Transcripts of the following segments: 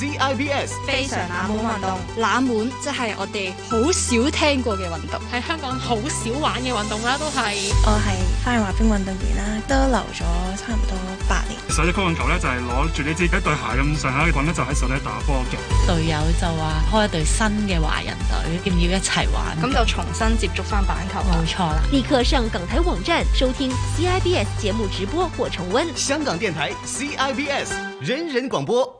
CIBS 非常冷門運動，冷門即係我哋好少聽過嘅運動，喺香港好少玩嘅運動啦，都係我係翻去滑冰運動員啦，都留咗差唔多八年。所以曲棍球咧就係攞住你自己一對鞋咁上下嘅棍咧，就喺手底打波嘅。隊友就話開一隊新嘅華人隊，要唔要一齊玩？咁就重新接觸翻板球，冇錯啦。立刻上港台網站收聽 CIBS 節目直播或重溫。香港電台 CIBS 人人廣播。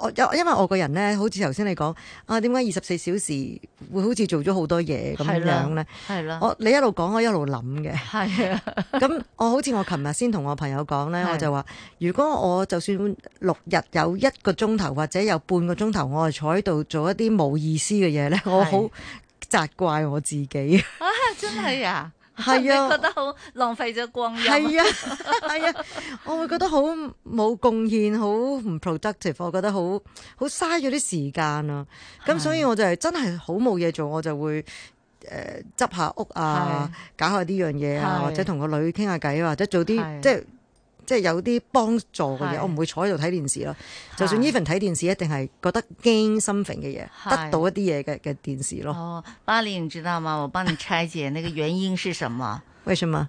我因為為我個人咧，好似頭先你講啊，點解二十四小時會好似做咗好多嘢咁，啊、樣咧？啊、我你一路講，我一路諗嘅。啊，咁我好似我琴日先同我朋友講咧，啊、我就話，如果我就算六日有一個鐘頭或者有半個鐘頭，我係坐喺度做一啲冇意思嘅嘢咧，啊、我好責怪我自己啊！真係啊！ 係啊，覺得好浪費咗光陰。係啊，係啊，我會覺得好冇貢獻，好唔 productive，我覺得好好嘥咗啲時間啊。咁係所以我就係真係好冇嘢做，我就會誒執、呃、下屋啊，係搞下呢樣嘢啊，係，或聊聊，或者同個女傾下偈，或者做啲即係。即係有啲幫助嘅嘢，的我唔會坐喺度睇電視咯。的就算 even 睇電視，一定係覺得驚心憤嘅嘢，的得到一啲嘢嘅嘅電視咯、哦。巴黎，你知道嗎，我幫你拆解那個原因係什麼 為什麼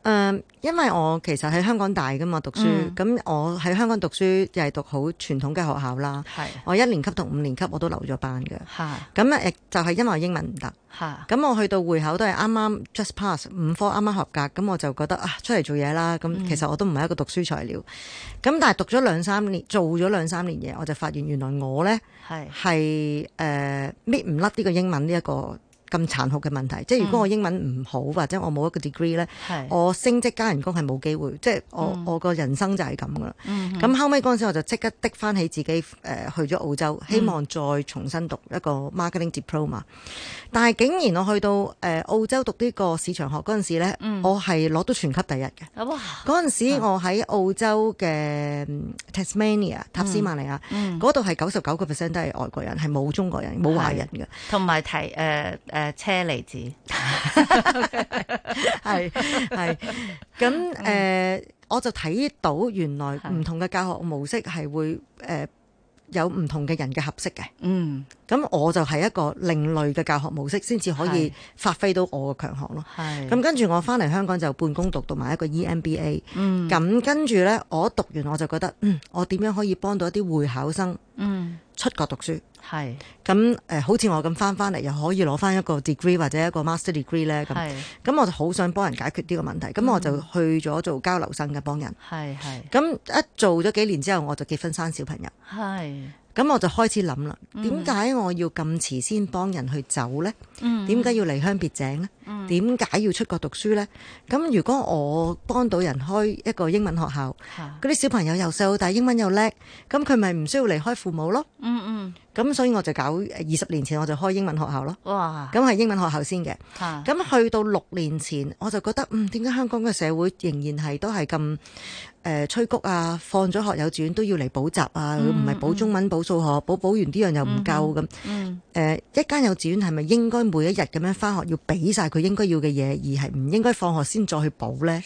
誒、嗯，因為我其實喺香港大㗎嘛讀書，咁、嗯，我喺香港讀書又係讀好傳統嘅學校啦。的我一年級同五年級，我都留咗班嘅。咁的就係因為我英文唔得。咁的我去到會考都係啱啱 just pass，五科啱啱合格。咁我就覺得啊，出嚟做嘢啦。咁其實我都唔係一個讀書材料。咁、嗯，但係讀咗兩三年，做咗兩三年嘢，我就發現原來我咧係誒搣唔甩呢的、呃、個英文呢一、呢個。咁殘酷嘅問題，即係如果我英文唔好或者我冇一個 degree 咧，我升職加人工係冇機會，即係我我個人生就係咁噶啦。咁後尾嗰陣時我就即刻滴翻起自己去咗澳洲，希望再重新讀一個 marketing diploma。但係竟然我去到誒澳洲讀呢個市場學嗰陣時咧，我係攞到全級第一嘅。嗰陣時我喺澳洲嘅 Tasmania 塔斯曼尼亞嗰度係九十九個 percent 都係外國人，係冇中國人冇華人嘅。同埋提誒，車厘子係係咁誒，呃嗯、我就睇到原來唔同嘅教學模式係會誒、呃、有唔同嘅人嘅合適嘅，嗯，咁我就係一個另類嘅教學模式，先至可以發揮到我嘅強項咯，係是。咁跟住我翻嚟香港就半工讀讀埋一個 EMBA，嗯，咁跟住咧，我一讀完我就覺得，嗯，我點樣可以幫到一啲會考生，嗯，出國讀書。係咁是、呃、好似我咁返返嚟，又可以攞返一個 degree 或者一個 master degree 咧是。咁咁我就好想幫人解決呢個問題，咁、嗯、我就去咗做交流生嘅幫人。咁一做咗幾年之後，我就結婚生小朋友。咁是我就開始諗啦，點解、嗯、我要咁遲先幫人去走咧？點解、嗯、要離鄉別井咧？點解、嗯、要出國讀書呢？咁如果我幫到人開一個英文學校，嗰啲小朋友又細但英文又叻，咁佢咪唔需要離開父母咯？嗯咁、嗯、所以我就搞二十年前我就開英文學校咯。哇！咁係英文學校先嘅。嚇、嗯！咁去到六年前，我就覺得嗯，點解香港嘅社會仍然係都係咁誒催谷啊？放咗學幼稚園都要嚟補習啊！唔係、嗯嗯、補中文、補數學、補補完啲、嗯嗯、樣又唔夠咁。一間幼稚園係咪應該每一日咁樣翻學要俾晒佢？應該要嘅嘢，而係唔應該放學先再去補呢。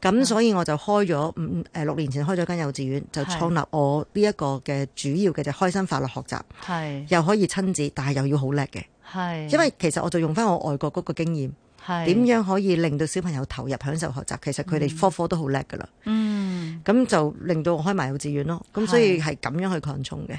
咁是所以我就開咗，嗯誒六年前開咗間幼稚園，是就創立我呢一個嘅主要嘅就是開心快樂學習，係是。又可以親子，但係又要好叻嘅。係是。因為其實我就用翻我外國嗰個經驗，係是。點樣可以令到小朋友投入享受學習？是其實佢哋科科都好叻噶啦。嗯。咁就令到我開埋幼稚園咯。咁是所以係咁樣去擴充嘅。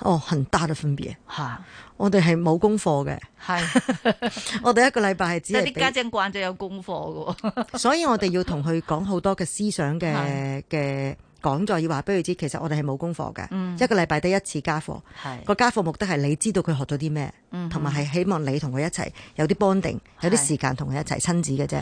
哦，很大嘅分別啊！我哋係冇功課嘅，係我哋一個禮拜係只啲家長慣咗有功課嘅，所以我哋要同佢講好多嘅思想嘅嘅。講座要話俾佢知，其實我哋係冇功課嘅，嗯、一個禮拜得一次家課。個家課目的係你知道佢學咗啲咩，同埋係希望你同佢一齊有啲 bonding，是有啲時間同佢一齊親子嘅啫。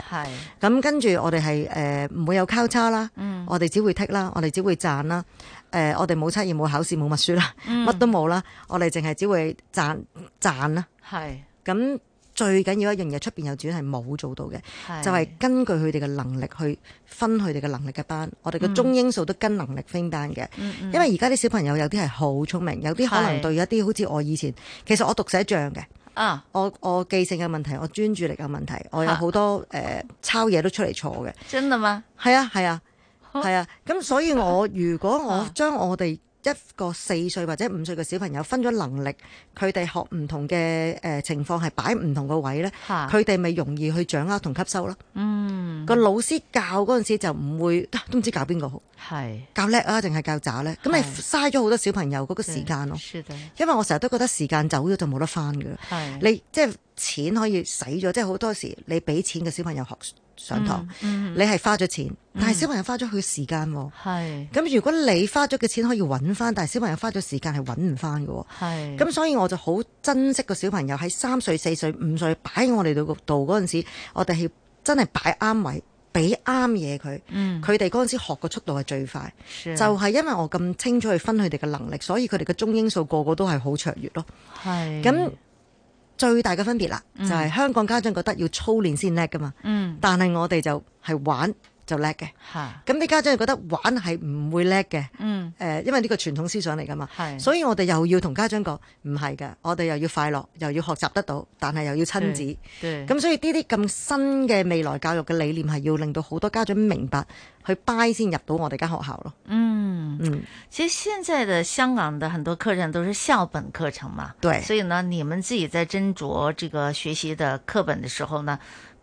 咁是跟住我哋係誒唔會有交叉啦，我哋只會剔啦，我哋只會讚啦。誒是，我哋冇測驗，冇考試，冇默書啦，乜都冇啦，我哋淨係只會讚讚啦。係咁。最緊要一樣嘢，出面幼稚園係冇做到嘅，是就係根據佢哋嘅能力去分佢哋嘅能力嘅班。我哋嘅中英數都跟能力分班嘅，嗯、因為而家啲小朋友有啲係好聰明，有啲可能對一啲好似我以前，是其實我讀寫障嘅，啊、我我記性嘅問題，我專注力嘅問題，我有好多誒、啊呃、抄嘢都出嚟錯嘅。真嘅咩？係啊係啊係啊，咁、啊啊 嗯、所以我如果我將我哋。一個四歲或者五歲嘅小朋友，分咗能力，佢哋學唔同嘅誒，情況係擺唔同個位呢，佢哋咪容易去掌握同吸收咯。嗯，個老師教嗰陣時就唔會都唔知教邊個好，係是教叻啊定係教渣呢？咁咪嘥咗好多小朋友嗰個時間咯。因為我成日都覺得時間走咗就冇得翻㗎啦是。係，你即係錢可以使咗，即係好多時你俾錢嘅小朋友學。上堂，嗯嗯、你係花咗錢，嗯、但係小朋友花咗佢時間、哦。喎是。咁，如果你花咗嘅錢可以揾翻，但係小朋友花咗時間係揾唔翻㗎喎。咁是，所以我就好珍惜個小朋友喺三歲、四歲、五歲擺我哋度度嗰陣時，我哋係真係擺啱位，俾啱嘢佢。嗯，佢哋嗰陣時學嘅速度係最快，是就係因為我咁清楚去分佢哋嘅能力，所以佢哋嘅中英數個個都係好卓越咯。咁是。最大嘅分別啦，就係香港家長覺得要操練先叻㗎嘛，但係我哋就係玩。就叻嘅，係咁啲家長又覺得玩係唔會叻嘅，嗯，誒、呃，因為呢個傳統思想嚟㗎嘛，係是，所以我哋又要同家長講，唔係嘅，我哋又要快樂，又要學習得到，但係又要親子，對咁所以呢啲咁新嘅未來教育嘅理念係要令到好多家長明白，去 buy 先入到我哋間學校咯。嗯嗯，嗯其實現在的香港的很多課程都是校本課程嘛，對所以呢，你們自己在斟酌這個學習的課本的時候呢？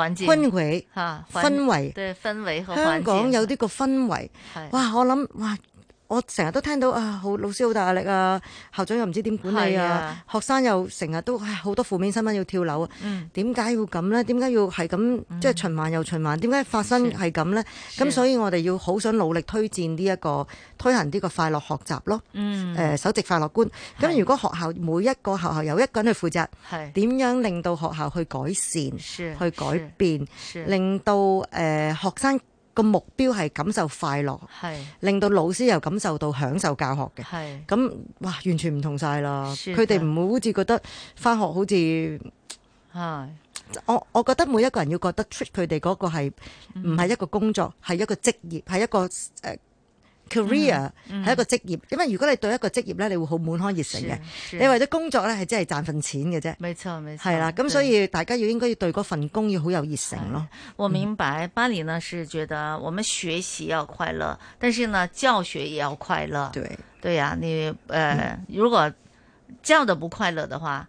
氛圍圍嚇、對圍，氛圍，香港有啲個氛圍的哇！我諗哇～我成日都聽到啊，好老師好大壓力啊，校長又唔知點管理啊，學生又成日都好多負面新聞要跳樓啊，點解、嗯、要咁呢？點解要係咁、嗯、即係循環又循環？點解發生係咁呢？咁所以我哋要好想努力推薦呢一個推行呢個快樂學習咯。嗯是。誒首席快樂觀。咁是如果學校每一個學校有一個人去負責，係點是樣令到學校去改善、是去改變、令到誒、呃、學生？個目標係感受快樂，係令到老師又感受到享受教學嘅，係咁哇，完全唔同晒咯。佢哋唔會好似覺得返學好似係的我，我覺得每一個人要覺得出佢哋嗰個係唔係一個工作，係一個職業，係一個誒。呃 career 係一個職業，嗯嗯、因為如果你對一個職業咧，你會好滿腔熱誠嘅。你為咗工作咧，係真係賺份錢嘅啫。沒錯，沒錯。係啦，咁對所以大家要應該要對嗰份工要好有熱誠咯。我明白，巴里呢是覺得我們學習要快樂，但是呢教學也要快樂。對，對呀、啊，你誒、呃，如果教得不快樂嘅話。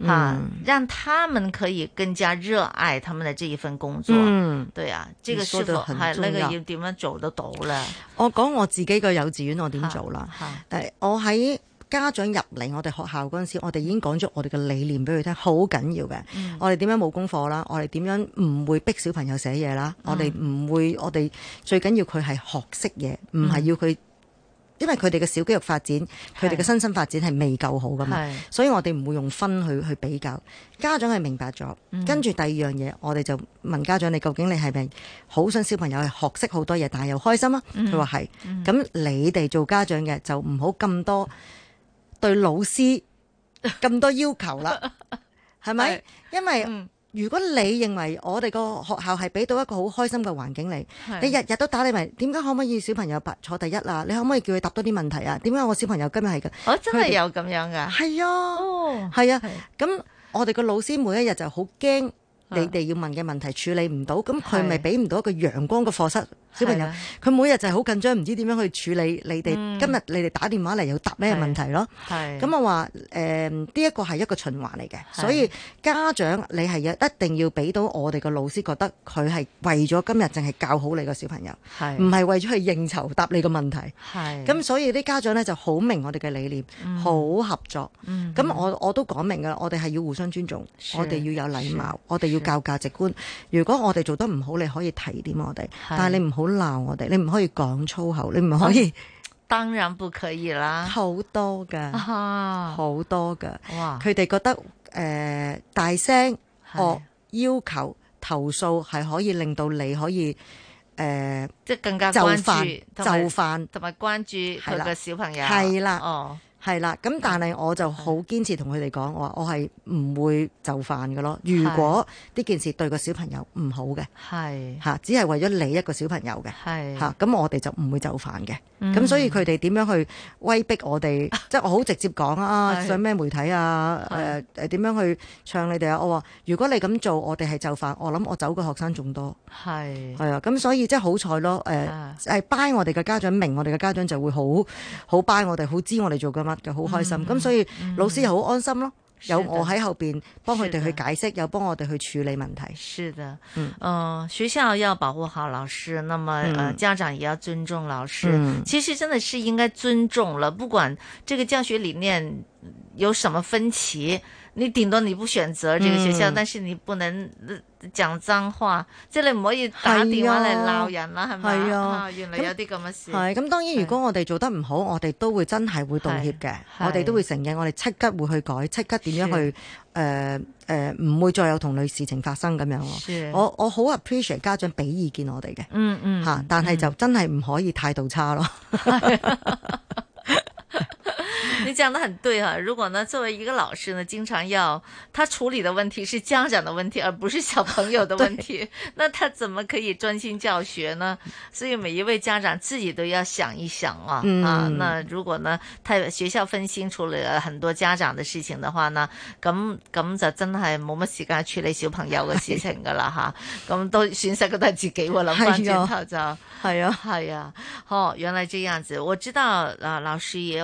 啊！讓他們可以更加熱愛他們的這一份工作。嗯，對啊，這個是否還、哎、呢個要點樣做得到咧？我講我自己個幼稚園，我點做啦？誒、啊啊，我喺家長入嚟我哋學校嗰陣時，我哋已經講咗我哋嘅理念俾佢聽，好緊要嘅、嗯。我哋點樣冇功課啦？我哋點樣唔會逼小朋友寫嘢啦？我哋唔會，我哋最緊要佢係學識嘢，唔係、嗯、要佢。因為佢哋嘅小肌肉發展，佢哋嘅身心發展係未夠好噶嘛，是所以我哋唔會用分去去比較。家長係明白咗，跟住、嗯、哼第二樣嘢，我哋就問家長：你究竟你係咪好想小朋友係學識好多嘢，但係又開心啊？佢話係，咁、嗯、哼你哋做家長嘅就唔好咁多對老師咁多要求啦，係咪？ 是因為。嗯如果你認為我哋個學校係俾到一個好開心嘅環境的你，你日日都打你埋，點解可唔可以小朋友白坐第一啊？你可唔可以叫佢答多啲問題啊？點解我小朋友今日係㗎？我真係有咁樣㗎。係啊，係啊，咁我哋個老師每一日就好驚，你哋要問嘅問題的處理唔到，咁佢咪俾唔到一個陽光嘅課室。小朋友，佢每日就係好緊張，唔知點樣去處理你哋今日你哋打電話嚟要答咩問題咯？咁我話誒呢一個係一個循環嚟嘅，所以家長你係一定要俾到我哋個老師覺得佢係為咗今日淨係教好你個小朋友，係唔係為咗去應酬答你個問題，咁，所以啲家長咧就好明我哋嘅理念，好合作。咁我我都講明㗎啦，我哋係要互相尊重，我哋要有禮貌，我哋要教價值觀，如果我哋做得唔好，你可以提點我哋，但係你唔好。好鬧我哋，你唔可以講粗口，你唔可以、嗯。當然不可以啦，好多噶，好、啊、哈多噶。佢哋哇覺得誒、呃、大聲哦的要求投訴係可以令到你可以誒，呃、即係更加關注，就範同埋關注佢個小朋友，係啦的哦。係啦，咁但係我就好堅持同佢哋講，我話我係唔會就犯㗎咯。如果呢件事對個小朋友唔好嘅，係的只係為咗你一個小朋友嘅，係咁的、啊、我哋就唔會就犯嘅。咁、嗯、所以佢哋點樣去威逼我哋？啊、即係我好直接講啊！上咩的媒體啊？誒誒點樣去唱你哋啊？我話如果你咁做，我哋係就犯。我諗我走嘅學生仲多。係啊的，咁所以即係好彩咯。誒、呃、by 我哋嘅家長明，我哋嘅家長就會好好 by 我哋，好知我哋做㗎嘛。就好開心，咁所以老師又好安心咯。有我喺後邊幫佢哋去解釋，又幫我哋去處理問題。是的，嗯，呃，學校要保護好老師，那麼，呃，家長也要尊重老師。嗯，其實真的是應該尊重了，不管這個教學理念有什麼分歧。你頂多你不選擇這個學校，嗯、但是你不能講髒、呃、話，即係你唔可以打電話嚟鬧人啦，係嘛？原來有啲咁嘅事。係咁，當然如果我哋做得唔好，我哋都會真係會道歉嘅，我哋都會承認嘅，我哋即刻會去改，即刻點樣去誒誒，唔會再有同類事情發生咁樣。我我好 appreciate 家長俾意見我哋嘅，嗯嗯，吓，但係就真係唔可以態度差咯。 你講的很對啊。如果呢，作為一個老師呢，經常要他處理的問題是家長的問題，而不是小朋友的問題， 對那他怎麼可以專心教學呢？所以每一位家長自己都要想一想啊、嗯、啊！那如果呢，他學校分清楚了很多家長的事情的話呢，咁咁就真係冇乜時間處理小朋友嘅事情噶啦哈！咁、哎、呀都損失嘅都係自己喎，咁諗翻就係啊係啊，哦原來這樣子，我知道啊老師也。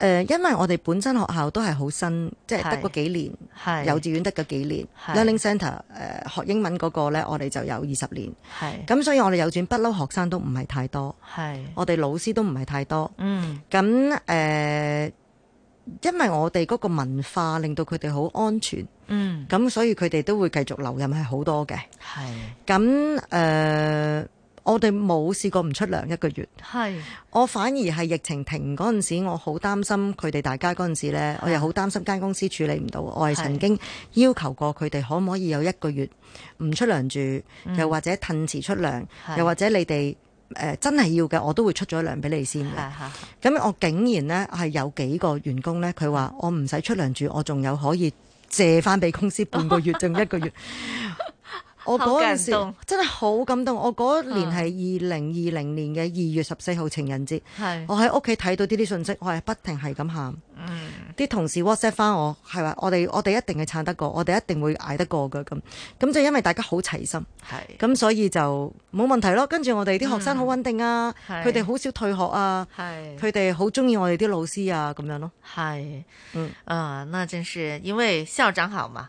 誒、呃，因為我哋本身學校都係好新，即係得個幾年，是幼稚園得個幾年是、er、Learning Centre 學、呃、學英文嗰個咧，我哋就有二十年。係是，咁所以我哋幼稚園不嬲學生都唔係太多，係是，我哋老師都唔係太多。嗯，咁誒、呃，因為我哋嗰個文化令到佢哋好安全。嗯，咁所以佢哋都會繼續留任係好多嘅。係是，咁誒。呃我哋冇試過唔出糧一個月，係是我反而係疫情停嗰陣時，我好擔心佢哋大家嗰陣時咧，是我又好擔心間公司處理唔到，是我係曾經要求過佢哋可唔可以有一個月唔出糧住，嗯、又或者褪遲出糧，是又或者你哋誒、呃、真係要嘅，我都會出咗糧俾你先嘅。咁我竟然呢係有幾個員工呢，佢話我唔使出糧住，我仲有可以借翻俾公司半個月，仲 一個月。我嗰陣時真係好感動，感動我嗰年係二零二零年嘅二月十四號情人節，嗯、我喺屋企睇到呢啲信息，我係不停係咁喊。嗯，啲同事 WhatsApp 返我係話：我哋我哋一定係撐得過，我哋一定會捱得過㗎。咁。咁就因為大家好齊心，係咁、嗯、所以就冇問題咯。跟住我哋啲學生好穩定啊，佢哋好少退學啊，佢哋好中意我哋啲老師啊咁樣咯。係是，嗯啊、呃，那真是因為校長好嘛。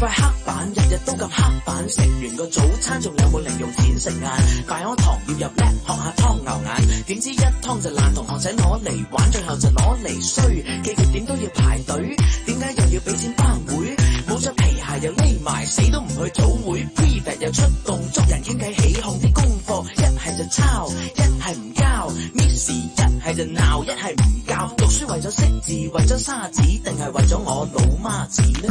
塊黑板日日都咁黑板，食完個早餐仲有冇零用錢食呀？拜我堂要入叻，學下湯牛眼，點知一湯就爛，同學仔攞嚟玩，最後就攞嚟衰。寄宿點都要排隊，點解又要俾錢班會？冇着皮鞋又匿埋，死都唔去早會。P.E. 又出動捉人傾偈起哄啲功課，一係就抄，一係唔交。Miss 一係就鬧，一係唔教。讀書為咗識字，為咗沙紙，定係為咗我老媽子咧？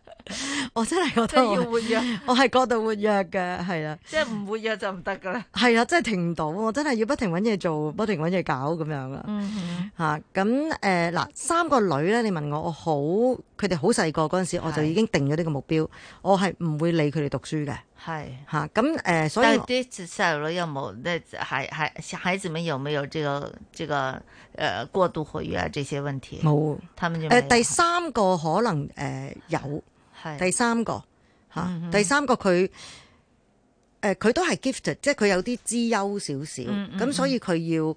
我真係覺得我係過度活躍嘅，係啊，即係唔活躍就唔得噶啦。係啊，真係停唔到，我真係要不停搵嘢做，不停搵嘢搞咁樣啦。吓咁誒嗱，三個女咧，你問我，我好，佢哋好細個嗰陣時，是我就已經定咗呢個目標，我係唔會理佢哋讀書嘅。係吓咁誒，所以。但啲細路女有冇？啲孩孩孩子們有冇有這個這個誒、呃、過度活躍啊？這些問題冇，誒有、呃、第三個可能誒、呃、有。第三個第三個佢佢、呃、都係 gifted，即係佢有啲資優少少，咁、嗯嗯、所以佢要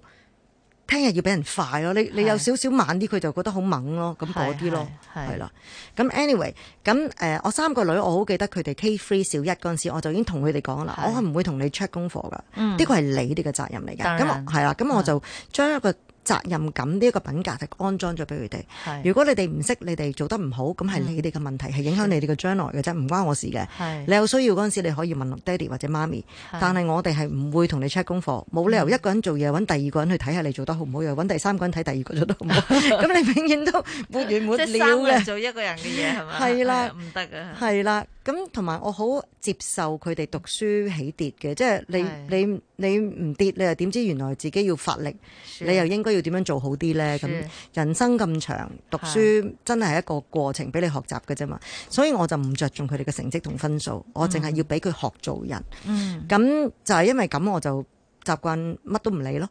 聽日要畀人快咯、啊。是你你有少少慢啲，佢就覺得好猛咯，咁嗰啲咯，係啦。咁 anyway，咁、呃、我三個女，我好記得佢哋 K three 小一嗰陣時，我就已經同佢哋講啦，是我係唔會同你 check 功課噶，呢、嗯、個係你哋嘅責任嚟㗎。咁係然我啦，咁我就將一個責任感呢一個品格係安裝咗俾佢哋。如果你哋唔識，你哋做得唔好，咁係你哋嘅問題，係影響你哋嘅將來嘅啫，唔關我事嘅。你有需要嗰陣時，你可以問爹哋或者媽咪。但係我哋係唔會同你 check 功課，冇理由一個人做嘢揾第二個人去睇下你做得好唔好，又揾第三個人睇第二個做得好唔好。咁你永遠都冇完冇了嘅。即係三個人做一個人嘅嘢係嘛？係啦，唔得啊。係啦，咁同埋我好接受佢哋讀書起跌嘅，即係你你你唔跌，你又點知原來自己要發力，你又應該。要點樣做好啲呢？咁人生咁長，讀書真係一個過程，俾你學習嘅啫嘛。所以我就唔着重佢哋嘅成績同分數，我淨係要俾佢學做人。咁就係因為咁，我就習慣乜都唔理咯。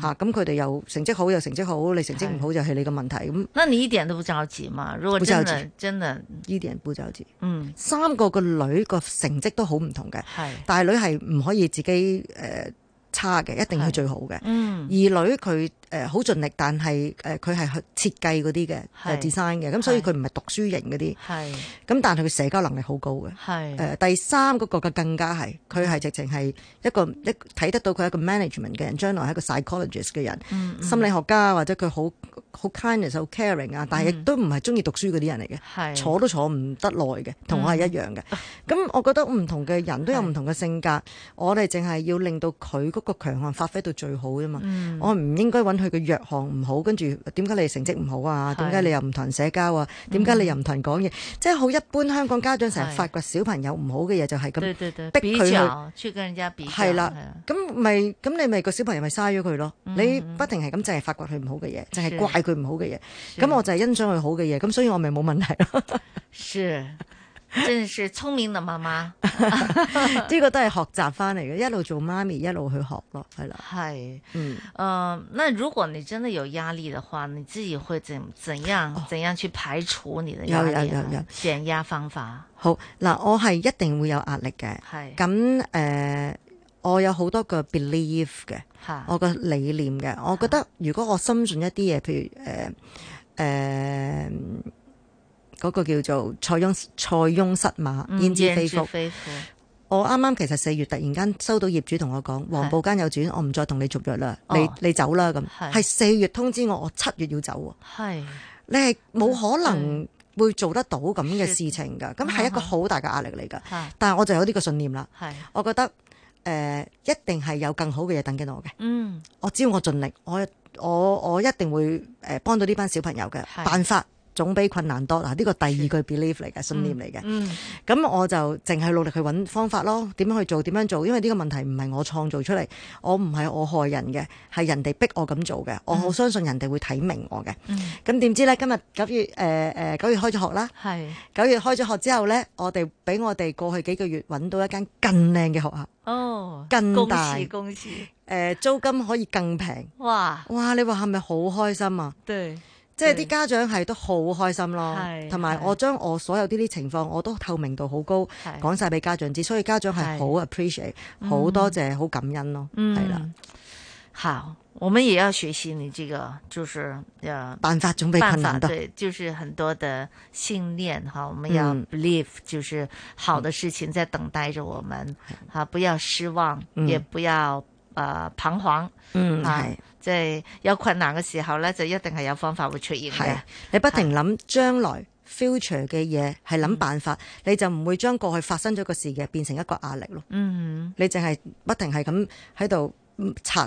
吓，咁佢哋又成績好又成績好，你成績唔好就係你嘅問題。咁，你一點都不着急嘛？如果真的真的呢啲人不着急，嗯，三個個女個成績都好唔同嘅，但大女係唔可以自己誒差嘅，一定要最好嘅。二女佢。誒好盡力，但係誒佢係去設計嗰啲嘅 design 嘅，咁所以佢唔係讀書型嗰啲。係，咁但係佢社交能力好高嘅。係，誒第三個國家更加係，佢係直情係一個一睇得到佢係一個 management 嘅人，將來係一個 psychologist 嘅人，心理學家，或者佢好好 kindness、好 caring 啊，但係亦都唔係中意讀書嗰啲人嚟嘅，坐都坐唔得耐嘅，同我係一樣嘅。咁我覺得唔同嘅人都有唔同嘅性格，我哋淨係要令到佢嗰個強項發揮到最好啫嘛。我唔應該搵佢嘅弱項唔好，跟住點解你成績唔好啊？點解是你又唔同人社交啊？點解、嗯、你又唔同人講嘢？即係好一般香港家長成日發掘小朋友唔好嘅嘢，對就係咁逼佢去較去跟人家比。係啦，咁咪咁你咪個小朋友咪嘥咗佢咯？嗯、你不停係咁淨係發掘佢唔好嘅嘢，淨係是怪佢唔好嘅嘢。咁是我就係欣賞佢好嘅嘢。咁所以我咪冇問題咯。 真係聰明的媽媽，呢 個都係學習翻嚟嘅，一路做媽咪一路去學咯，係啦，係是，嗯，誒、呃，那如果你真的有壓力的話，你自己會怎怎樣，哦、怎樣去排除你的壓力？有有有有，減壓方法。好，嗱，我係一定會有壓力嘅，係的，咁誒、呃，我有好多個 belief 嘅，的我個理念嘅，的我覺得如果我深信一啲嘢，譬如誒，誒、呃。呃嗰個叫做塞翁，塞翁失馬，焉知非福。我啱啱其實四月突然間收到業主同我講，黃埔間幼稚園，我唔再同你續約啦，你你走啦咁。係四月通知我，我七月要走喎。你係冇可能會做得到咁嘅事情㗎。咁係一個好大嘅壓力嚟㗎。但我就有呢個信念啦。我覺得一定係有更好嘅嘢等緊我嘅。嗯，我只要我盡力，我我我一定會誒幫到呢班小朋友嘅辦法。總比困難多嗱，呢個第二句 believe 嚟嘅、嗯、信念嚟嘅。咁、嗯、我就淨係努力去揾方法咯，點樣去做，點樣做？因為呢個問題唔係我創造出嚟，我唔係我害人嘅，係人哋逼我咁做嘅。嗯、我好相信人哋會睇明我嘅。咁點、嗯、知呢？今日九月誒九、呃、月開咗學啦，係九是月開咗學之後呢，我哋俾我哋過去幾個月揾到一間更靚嘅學校，哦，更大，公司誒、呃、租金可以更平。哇哇，你話係咪好開心啊？對。即係啲家長係都好開心咯，同埋我將我所有啲啲情況我都透明度好高，講晒俾家長知，所以家長係好 appreciate，好多謝，好感恩咯，係啦。好，我們也要學習你這個，就是啊，辦法總比困難多，就是很多的信念哈，我們要 believe，就是好的事情在等待着我們，啊不要失望，也不要啊彷徨，嗯係。即係有困難嘅時候咧，就一定係有方法會出現嘅。係、啊，你不停諗將來 future 嘅嘢係諗辦法，嗯、你就唔會將過去發生咗個事嘅變成一個壓力咯。嗯，你淨係不停係咁喺度擦。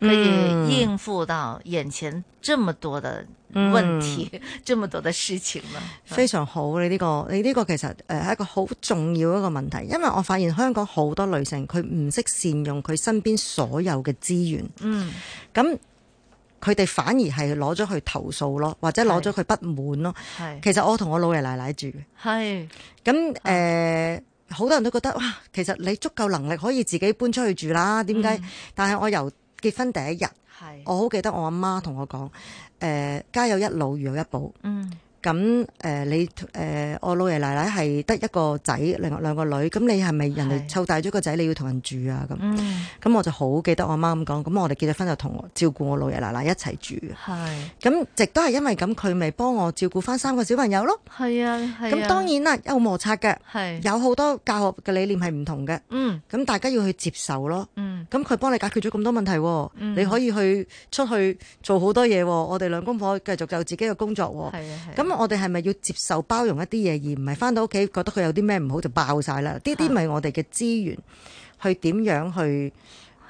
可以應付到眼前這麼多的問題，嗯嗯、這麼多的事情，非常好，你呢個你呢個其實誒係、呃、一個好重要一個問題，因為我發現香港好多女性佢唔識善用佢身邊所有嘅資源，嗯，咁佢哋反而係攞咗去投訴咯，或者攞咗佢不滿咯。係，其實我同我老爺奶奶住，係咁誒，好、呃、多人都覺得哇，其實你足夠能力可以自己搬出去住啦，點解？嗯、但係我由結婚第一日，是我好記得我阿媽同我講：誒、嗯呃，家有一老，如有一寶。嗯咁誒、呃、你誒、呃、我老爺奶奶係得一個仔，另外兩個女。咁你係咪人哋湊大咗個仔，是你要同人住啊？咁、嗯，咁我就好記得我媽咁講。咁我哋結咗婚就同我照顧我老爺奶奶一齊住。咁亦是都係因為咁，佢咪幫我照顧翻三個小朋友咯？啊。咁、啊、當然啦，有摩擦嘅。是有好多教學嘅理念係唔同嘅。咁、嗯、大家要去接受咯。咁佢、嗯、幫你解決咗咁多問題喎。嗯、你可以去出去做好多嘢。我哋兩公婆繼續有自己嘅工作。喎、啊。啊我哋係咪要接受包容一啲嘢，而唔係返到屋企覺得佢有啲咩唔好就爆晒啦？呢啲咪我哋嘅資源去點樣去誒、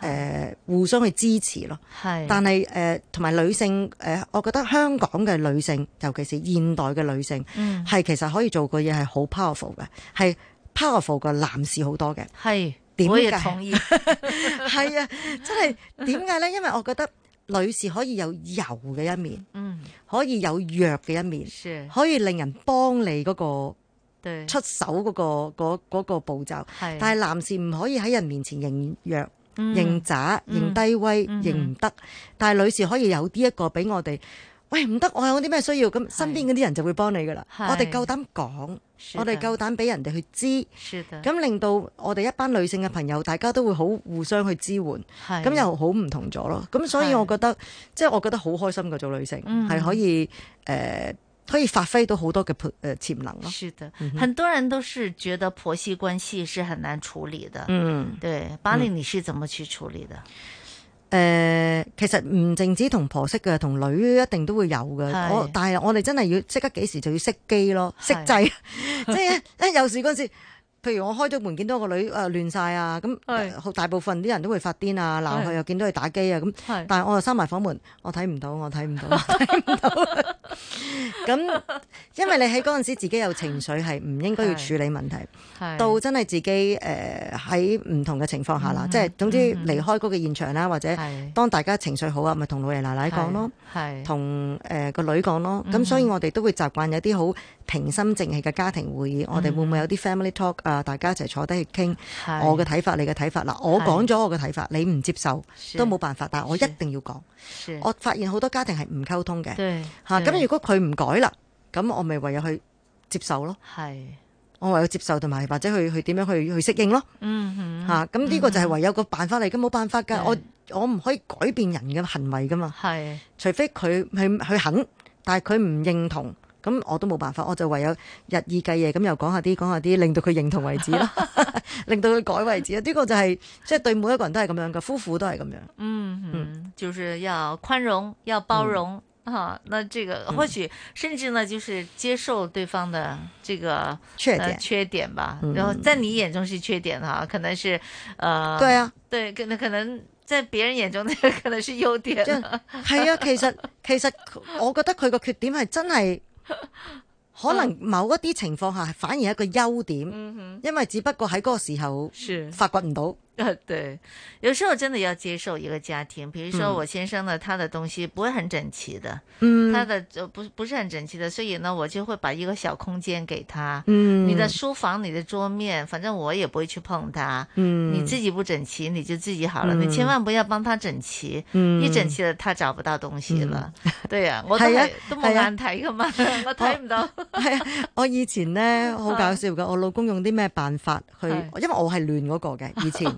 呃、互相去支持咯？係是。但係誒同埋女性誒、呃，我覺得香港嘅女性，尤其是現代嘅女性，係、嗯、其實可以做嘅嘢係好 powerful 嘅，係 powerful 過男士好多嘅。係點解？係 啊，真係點解咧？因為我覺得。女士可以有柔嘅一面，嗯、可以有弱嘅一面，是可以令人幫你嗰個出手嗰、嗰個嗰嗰對步驟，是但係男士唔可以喺人面前認弱、嗯、認渣差、認低威，嗯、認唔得。嗯、但係女士可以有啲一個俾我哋。喂，唔得，我有啲咩需要，咁身邊嗰啲人就會幫你噶啦。我哋夠膽講，我哋夠膽俾人哋去知，咁令到我哋一班女性嘅朋友，大家都會好互相去支援，咁又好唔同咗咯。咁所以我覺得，即係我覺得好開心噶，做女性係可以誒，可以發揮到好多嘅潛能咯。是的，很多人都是覺得婆媳關係是很難處理的。嗯，對，巴力你是怎麼去處理的？誒、呃，其實唔淨止同婆媳嘅，同女一定都會有嘅。是我但係我哋真係要識得幾時就要熄機咯，熄掣。即係一有時嗰陣時。譬如我開咗門見到個女誒亂晒啊，咁大部分啲人都會發癲啊，鬧佢又見到佢打機啊，咁但係我又閂埋房門，我睇唔到，我睇唔到，我睇唔到。咁因為你喺嗰陣時自己有情緒，係唔應該要處理問題，到真係自己誒喺唔同嘅情況下啦，即係總之離開嗰個現場啦，或者當大家情緒好啊，咪同老爺奶奶講咯，同誒個女講咯。咁所以我哋都會習慣有啲好平心靜氣嘅家庭會議，我哋會唔會有啲 family talk？啊！大家一齊坐低去傾，是我嘅睇法，你嘅睇法啦。我講咗我嘅睇法，你唔接受都冇辦法，但係我一定要講。我發現好多家庭係唔溝通嘅，吓咁、啊、如果佢唔改啦，咁我咪唯有去接受咯。係是，我唯有接受同埋或者去去點樣去去適應咯。嗯哼，吓咁呢個就係唯有個辦法嚟噶，冇辦法噶是。我我唔可以改變人嘅行為噶嘛。係是，除非佢去去肯，但係佢唔認同。咁我都冇辦法，我就唯有日以繼夜咁又講下啲講下啲，令到佢認同為止啦 令到佢改為止。呢、這個就係即係對每一個人都係咁樣嘅，夫婦都係咁樣。嗯嗯，嗯嗯就是要寬容，要包容，哈、嗯啊。那這個、嗯、或許甚至呢，就是接受對方的這個缺點、呃、缺點吧。嗯、然後在你眼中是缺點哈、啊，可能是，呃，對啊，對，可能可能在別人眼中呢可能是優點。係啊， 啊，其實其實我覺得佢個缺點係真係。 可能某一啲情況下，反而係一個優點，嗯、哼因為只不過喺嗰個時候發掘唔到。對，有時候真的要接受一個家庭，比如說我先生呢，他的東西不會很整齊的，嗯，他的就不不是很整齊的，所以呢，我就會把一個小空間給他，嗯，你的書房、你的桌面，反正我也不會去碰他，嗯，你自己不整齊，你就自己好了，你千萬不要幫他整齊，一整齊了他找不到東西了，對呀，我都都冇眼睇㗎嘛，我睇唔到，係啊，我以前呢好搞笑㗎，我老公用啲咩辦法去，因為我係亂嗰個嘅以前。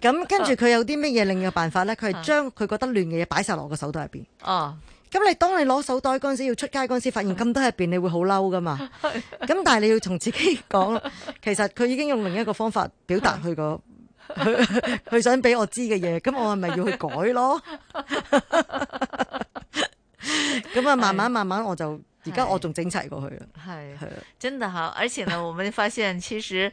咁跟住佢有啲乜嘢另嘅辦法呢？佢係將佢覺得亂嘅嘢擺晒落我個手袋入邊。哦，咁你當你攞手袋嗰陣時，要出街嗰陣時，發現咁多入邊，你會好嬲噶嘛？咁但係你要同自己講，其實佢已經用另一個方法表達佢個佢想俾我知嘅嘢。咁我係咪要去改咯？咁啊，慢慢慢慢，我就而家我仲整齊過去啊。係係，真的好，而且呢，我們發現其實。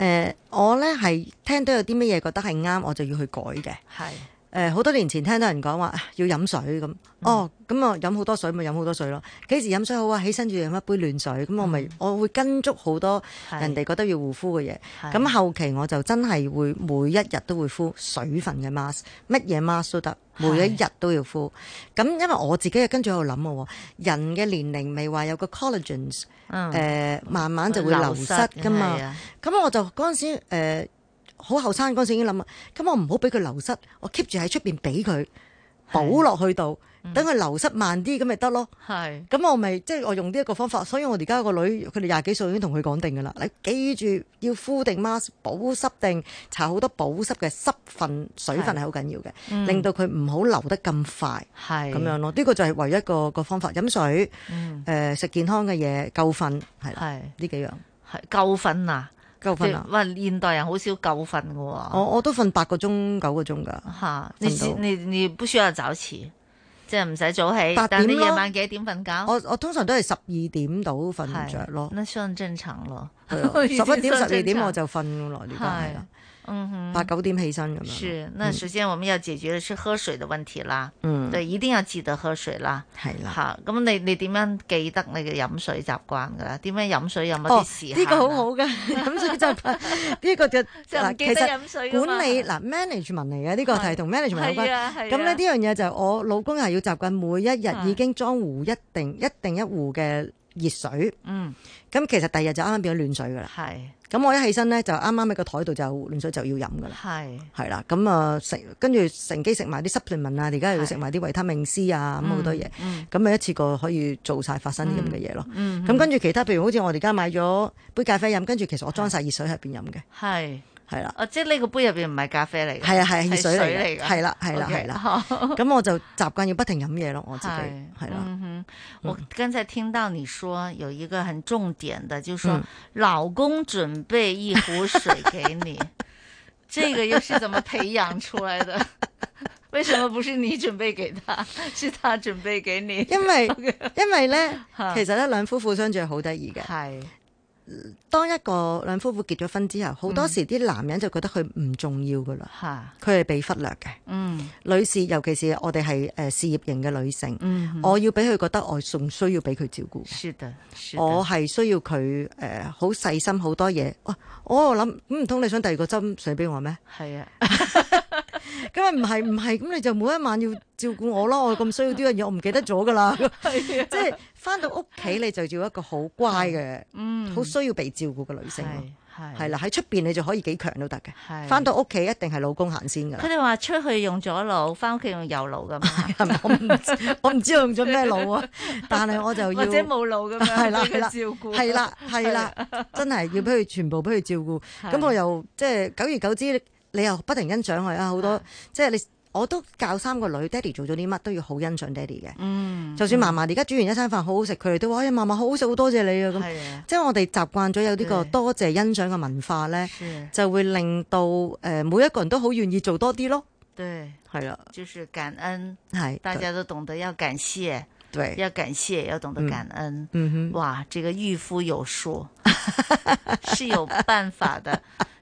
誒、呃，我呢係聽到有啲乜嘢覺得係啱，我就要去改嘅。係。誒好、呃、多年前聽到人講話要飲水咁，嗯、哦，咁啊飲好多水咪飲好多水咯。幾時飲水好啊？起身要飲一杯暖水，咁、嗯、我咪我會跟足好多人哋覺得要護膚嘅嘢。咁是 後期我就真係會每一日都會敷水分嘅 mask，乜嘢 mask 都得，每一日都要敷。咁是 因為我自己跟住喺度諗喎，人嘅年齡未話有個 collagen，、嗯呃、慢慢就會流失噶嘛。咁、嗯啊、我就嗰陣時、呃好後生嗰時已經諗，咁我唔好俾佢流失，我 keep 住喺出邊俾佢保落去度，等佢流失慢啲，咁咪得咯。係、嗯，咁我咪即係我用呢一個方法。所以我而家個女，佢哋廿幾歲已經同佢講定㗎啦。你記住要敷定 mask，保濕定，搽好多保濕嘅濕份、水分係好緊要嘅，嗯、令到佢唔好流得咁快。係咁是樣咯，呢、呢個就係唯一,一，個一個方法。飲水，嗯呃、食健康嘅嘢，夠瞓係啦，呢是幾樣係夠瞓啊！夠瞓啊！喂，現代人好少夠瞓噶喎。我我都瞓八個鐘九個鐘噶。吓的到，你你你不需要早起，即係唔使早起。八點你夜晚幾點瞓覺？我我通常都係十二點到瞓唔着咯。那算正常咯。係啊，十一 點十二點我就瞓落嚟噶啦。的嗯哼，八九點起身咁樣。是，那首先我們要解決的是喝水的問題啦。嗯，對，一定要記得喝水啦。係啦的。好，咁你你點樣記得你嘅飲水習慣噶啦？點樣飲水有乜事？哦，呢個好好嘅，飲水習慣呢個就是 是是這就唔記得飲水管理嗱 management 嚟嘅呢個係同 management 有關啊，係。咁咧呢樣嘢就我老公係要習慣每一日已經裝壺一， 一定一定一壺嘅。熱水，嗯，咁其實第二日就啱啱變咗暖水噶啦，係。咁我一起身咧就啱啱喺個台度就暖水就要飲噶啦，係，係啦。咁啊食，跟住乘機食埋啲 supplement 啊，而家又要食埋啲維他命 C 啊，咁好多嘢。咁咪一次過可以做晒發生啲咁嘅嘢咯。咁跟住其他，譬如好似我哋而家買咗杯咖啡飲，跟住其實我裝晒熱水喺邊飲嘅，係。係啦，哦，即係呢個杯入邊唔係咖啡嚟嘅，係啊，係汽水嚟嘅，係啦，係啦，係啦，咁我就習慣要不停飲嘢咯，我自己係啦。我剛才聽到你說有一個很重點嘅，就說老公準備一壺水給你，這個又是怎麼培養出來的？為什麼不是你準備給他，是他準備給你？因為因為呢，其實呢兩夫婦相處好得意嘅，係。當一個兩夫婦結咗婚之後，好多時啲男人就覺得佢唔重要㗎喇，佢係、嗯、被忽略嘅。嗯、女士，尤其是我哋係誒事業型嘅女性，嗯嗯我要俾佢覺得我仲需要俾佢照顧、呃哦。我係需要佢誒好細心好多嘢。哇，我諗唔通你想第二個針水俾我咩？係啊是的。 咁啊，唔係唔係，咁你就每一晚要照顧我咯，我咁需要啲樣嘢，我唔記得咗噶啦，即係翻到屋企你就要一個好乖嘅，好需要被照顧嘅女性，係啦，喺出邊你就可以幾強都得嘅，翻到屋企一定係老公行先嘅。佢哋話出去用左腦，翻屋企用右腦噶嘛，係咪？我唔我唔知用咗咩腦啊，但係我就要或者冇腦咁樣，係啦係啦，真係要俾佢全部俾佢照顧，咁我又即係久而久之。你又不停欣賞佢啊！好多即係你，我都教三個女，爹哋做咗啲乜都要好欣賞爹哋嘅。嗯，就算嫲嫲而家煮完一餐飯好好食，佢哋都話：哎，嫲嫲好好食，好多謝你啊！咁的，即係我哋習慣咗有呢個多謝，謝欣賞嘅文化咧，對就會令到誒、呃、每一個人都好願意做多啲咯。對，係啦，就是感恩，係大家都懂得要感謝，對，要感謝，要懂得感恩。嗯，嗯哼，哇，這個御夫有術， 是有辦法的。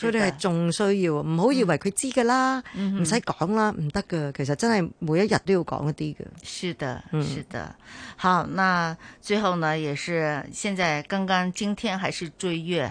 佢哋係仲需要，唔好的以為佢知㗎啦，唔使講啦，唔得㗎。其實真係每一日都要講一啲㗎。是的，嗯、是的。好，那最後呢，也是現在剛剛今天還是追月。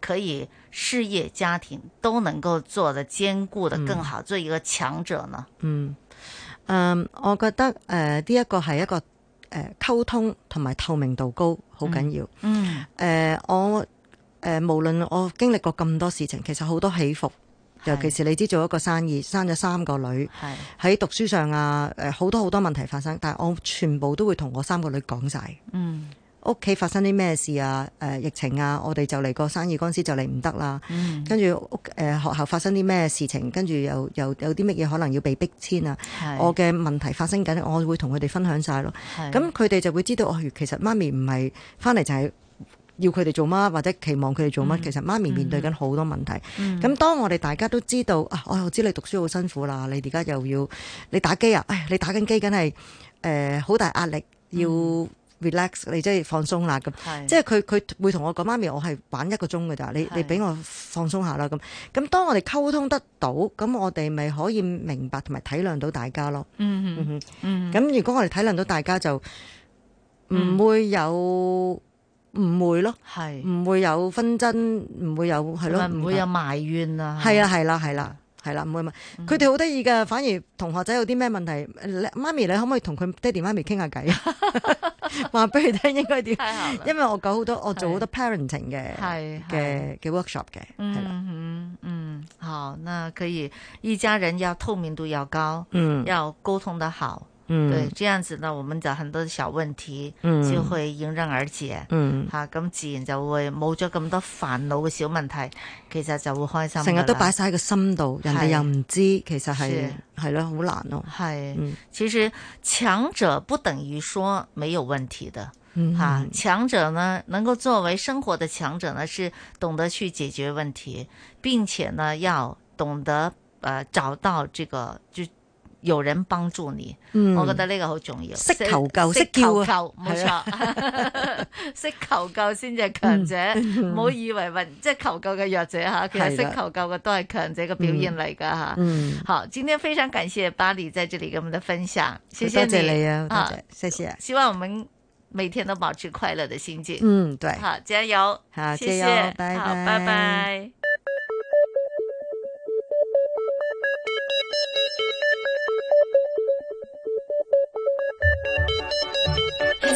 可以事業家庭都能夠做得兼顧得更好，嗯、做一個強者呢嗯？嗯，我覺得誒呢、呃、一個係一個誒溝通同埋透明度高，好緊要嗯。嗯、誒、呃、我誒、呃、無論我經歷過咁多事情，其實好多起伏，尤其是你知做一個生意，生咗三個女，係喺是讀書上啊，誒好多好多問題發生，但係我全部都會同我三個女講晒。嗯。屋企發生啲咩事啊？誒、呃、疫情啊，我哋就嚟個生意公司，嗰陣時就嚟唔得啦。跟住屋誒學校發生啲咩事情，跟住又又有啲乜嘢可能要被逼遷啊。是我嘅問題發生緊，我會同佢哋分享晒咯。咁佢哋就會知道，哦、其實媽咪唔係翻嚟就係要佢哋做乜，或者期望佢哋做乜。嗯、其實媽咪面對緊好多問題。咁、嗯、當我哋大家都知道啊，我知你讀書好辛苦啦，你而家又要你打機啊，哎、你打緊機，梗係誒好大壓力要、嗯。Relax，你即係放鬆啦咁，是即係佢佢會同我講媽咪，我係玩一個鐘㗎咋，你你俾我放鬆下啦咁。咁是當我哋溝通得到，咁我哋咪可以明白同埋體諒到大家咯。嗯哼嗯嗯哼咁如果我哋體諒到大家，就唔會有誤會咯，唔是會有紛爭，唔會有係咯，唔會有埋怨啊。係啊，係啦、啊，係啦、啊。係啦，唔會問，佢哋好得意噶。嗯、哼反而同學仔有啲咩問題，媽咪你可唔可以同佢爹哋媽咪傾下偈啊？話俾佢聽應該點啊？因為我搞好多，是我做好多 parenting 嘅嘅嘅 workshop 嘅。係啦是、嗯，嗯，好，那可以，一家人要透明度要高，嗯，要溝通得好。嗯，對，這樣子呢，我們的很多的小問題，嗯，就會迎刃而解，嗯，吓、嗯、咁、啊、自然就會冇咗咁多煩惱嘅小問題，其實就會開心了。成日都擺晒喺個心度，是人哋又唔知，其實係係咯，好是難咯、哦。係是，嗯、其實強者不等於說沒有問題的，嗯哼，吓強、啊、者呢，能夠作為生活的強者呢，是懂得去解決問題，並且呢，要懂得，誒、呃，找到這個就。有人幫助你，我覺得呢個好重要。識、嗯、求救，識、啊、別吵 求救，冇錯，識求救先至係強者。唔好以為問，即係求救嘅弱者吓，其實識求救嘅都係強者嘅表現嚟噶吓。嗯，好，今天非常感謝巴里在這裏跟我們的分享，謝謝你，多謝你啊，謝、啊，謝謝。希望我們每天都保持快樂的心境。嗯，對，好，加油，謝謝好，謝謝拜拜，拜拜。好拜拜。